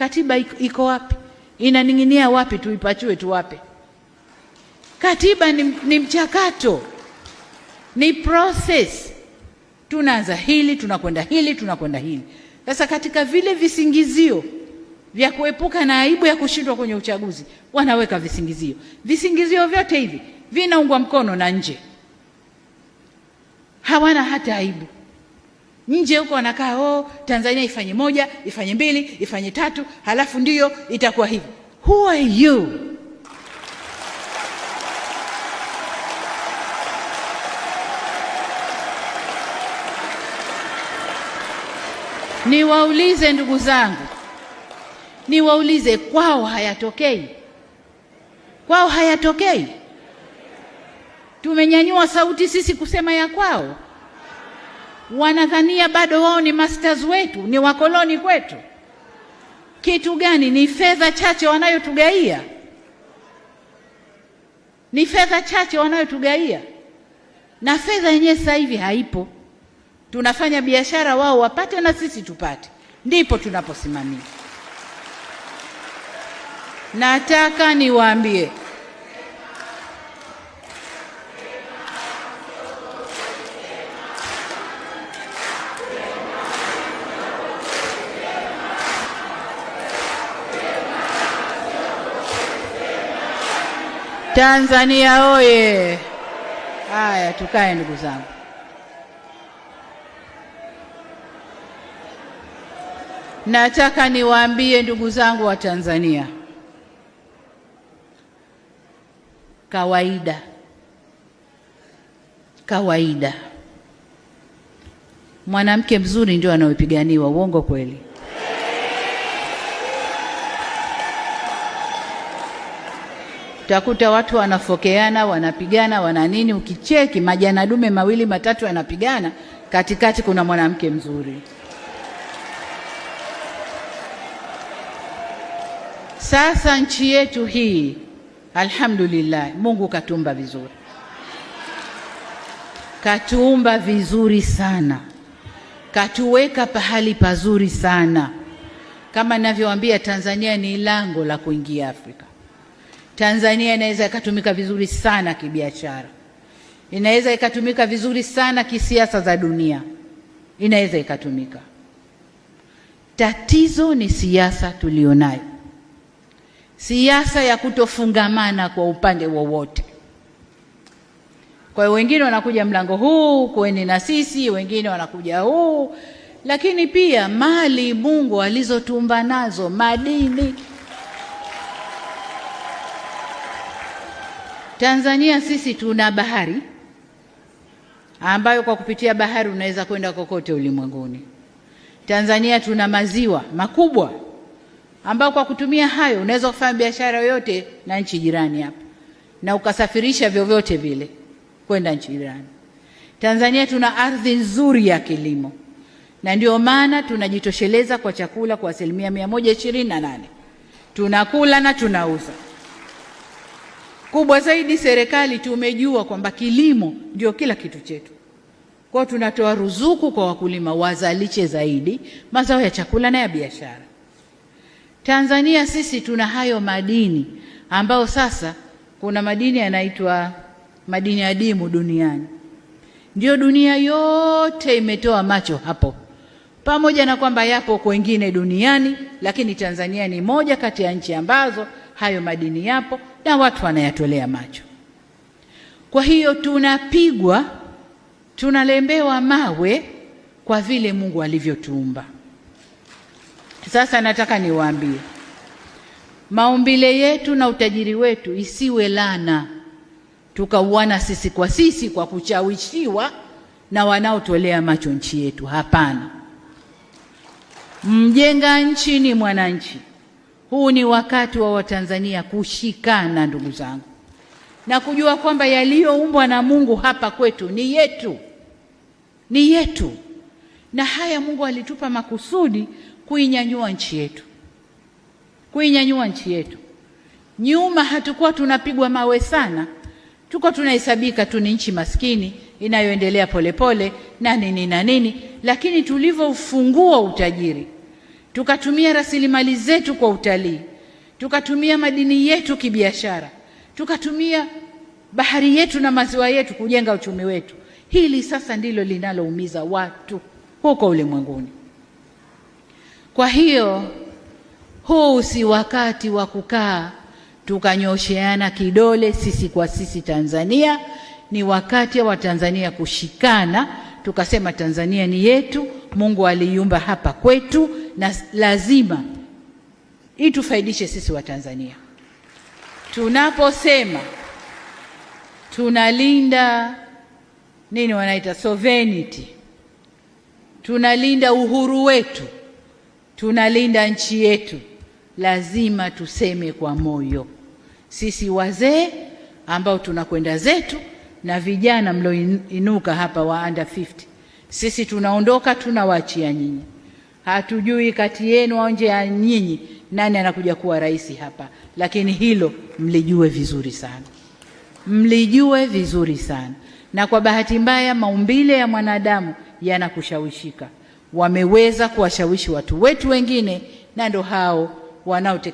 Katiba iko wapi? Inaning'inia wapi? Tuipachue tuwape? Katiba ni, ni mchakato, ni process. Tunaanza hili tunakwenda hili tunakwenda hili. Sasa katika vile visingizio vya kuepuka na aibu ya kushindwa kwenye uchaguzi, wanaweka visingizio. Visingizio vyote hivi vinaungwa mkono na nje, hawana hata aibu. Nje huko wanakaa oh, Tanzania ifanye moja, ifanye mbili, ifanye tatu, halafu ndiyo itakuwa hivi. Who are you? Niwaulize ndugu zangu, niwaulize, kwao hayatokei? Kwao hayatokei? Tumenyanyua sauti sisi kusema ya kwao wanadhania bado wao ni masters wetu, ni wakoloni kwetu. Kitu gani? Ni fedha chache wanayotugaia, ni fedha chache wanayotugaia, na fedha yenyewe sasa hivi haipo. Tunafanya biashara, wao wapate na sisi tupate, ndipo tunaposimamia. Nataka niwaambie Tanzania oye! Haya, tukae ndugu zangu. Nataka niwaambie ndugu zangu wa Tanzania, kawaida kawaida, mwanamke mzuri ndio anaopiganiwa. Uongo kweli? utakuta watu wanafokeana, wanapigana, wana nini. Ukicheki majana dume mawili matatu yanapigana, katikati kuna mwanamke mzuri. Sasa nchi yetu hii alhamdulillah, Mungu katuumba vizuri, katuumba vizuri sana, katuweka pahali pazuri sana. Kama ninavyowaambia, Tanzania ni lango la kuingia Afrika. Tanzania inaweza ikatumika vizuri sana kibiashara, inaweza ikatumika vizuri sana kisiasa za dunia, inaweza ikatumika. Tatizo ni siasa tulionayo, siasa ya kutofungamana kwa upande wowote. Kwa hiyo wengine wanakuja mlango huu, kweni na sisi, wengine wanakuja huu, lakini pia mali Mungu alizotumba nazo madini Tanzania sisi tuna bahari ambayo kwa kupitia bahari unaweza kwenda kokote ulimwenguni. Tanzania tuna maziwa makubwa ambayo kwa kutumia hayo unaweza kufanya biashara yoyote na nchi jirani hapa na ukasafirisha vyovyote vile kwenda nchi jirani. Tanzania tuna ardhi nzuri ya kilimo na ndio maana tunajitosheleza kwa chakula kwa asilimia mia moja ishirini na nane tunakula na tunauza. Kubwa zaidi, serikali tumejua kwamba kilimo ndio kila kitu chetu, kwao tunatoa ruzuku kwa wakulima wazalishe zaidi mazao ya chakula na ya biashara. Tanzania sisi tuna hayo madini ambayo sasa kuna madini yanaitwa madini adimu duniani, ndio dunia yote imetoa macho hapo, pamoja na kwamba yapo kwengine duniani, lakini Tanzania ni moja kati ya nchi ambazo hayo madini yapo na watu wanayatolea macho. Kwa hiyo tunapigwa, tunalembewa mawe kwa vile Mungu alivyotuumba. Sasa nataka niwaambie, maumbile yetu na utajiri wetu isiwe lana tukauana sisi kwa sisi kwa kushawishiwa na wanaotolea macho nchi yetu. Hapana, mjenga nchi ni mwananchi. Huu ni wakati wa Watanzania kushikana, ndugu zangu, na kujua kwamba yaliyoumbwa na Mungu hapa kwetu ni yetu, ni yetu, na haya Mungu alitupa makusudi kuinyanyua nchi yetu, kuinyanyua nchi yetu. Nyuma hatukuwa tunapigwa mawe sana, tuko tunahesabika tu ni nchi maskini inayoendelea polepole na nini na nini, lakini tulivyofungua utajiri tukatumia rasilimali zetu kwa utalii, tukatumia madini yetu kibiashara, tukatumia bahari yetu na maziwa yetu kujenga uchumi wetu. Hili sasa ndilo linaloumiza watu huko ulimwenguni. Kwa hiyo huu si wakati wa kukaa tukanyosheana kidole sisi kwa sisi Tanzania. Ni wakati wa Tanzania kushikana, tukasema Tanzania ni yetu. Mungu aliiumba hapa kwetu na lazima itufaidishe sisi Watanzania. Tunaposema tunalinda nini, wanaita sovereignty, tunalinda uhuru wetu, tunalinda nchi yetu, lazima tuseme kwa moyo, sisi wazee ambao tunakwenda zetu na vijana mlioinuka hapa wa under 50 sisi tunaondoka tunawaachia nyinyi, hatujui kati yenu au nje ya nyinyi nani anakuja kuwa rais hapa, lakini hilo mlijue vizuri sana, mlijue vizuri sana. Na kwa bahati mbaya, maumbile ya mwanadamu yanakushawishika. Wameweza kuwashawishi watu wetu wengine, na ndo hao wanao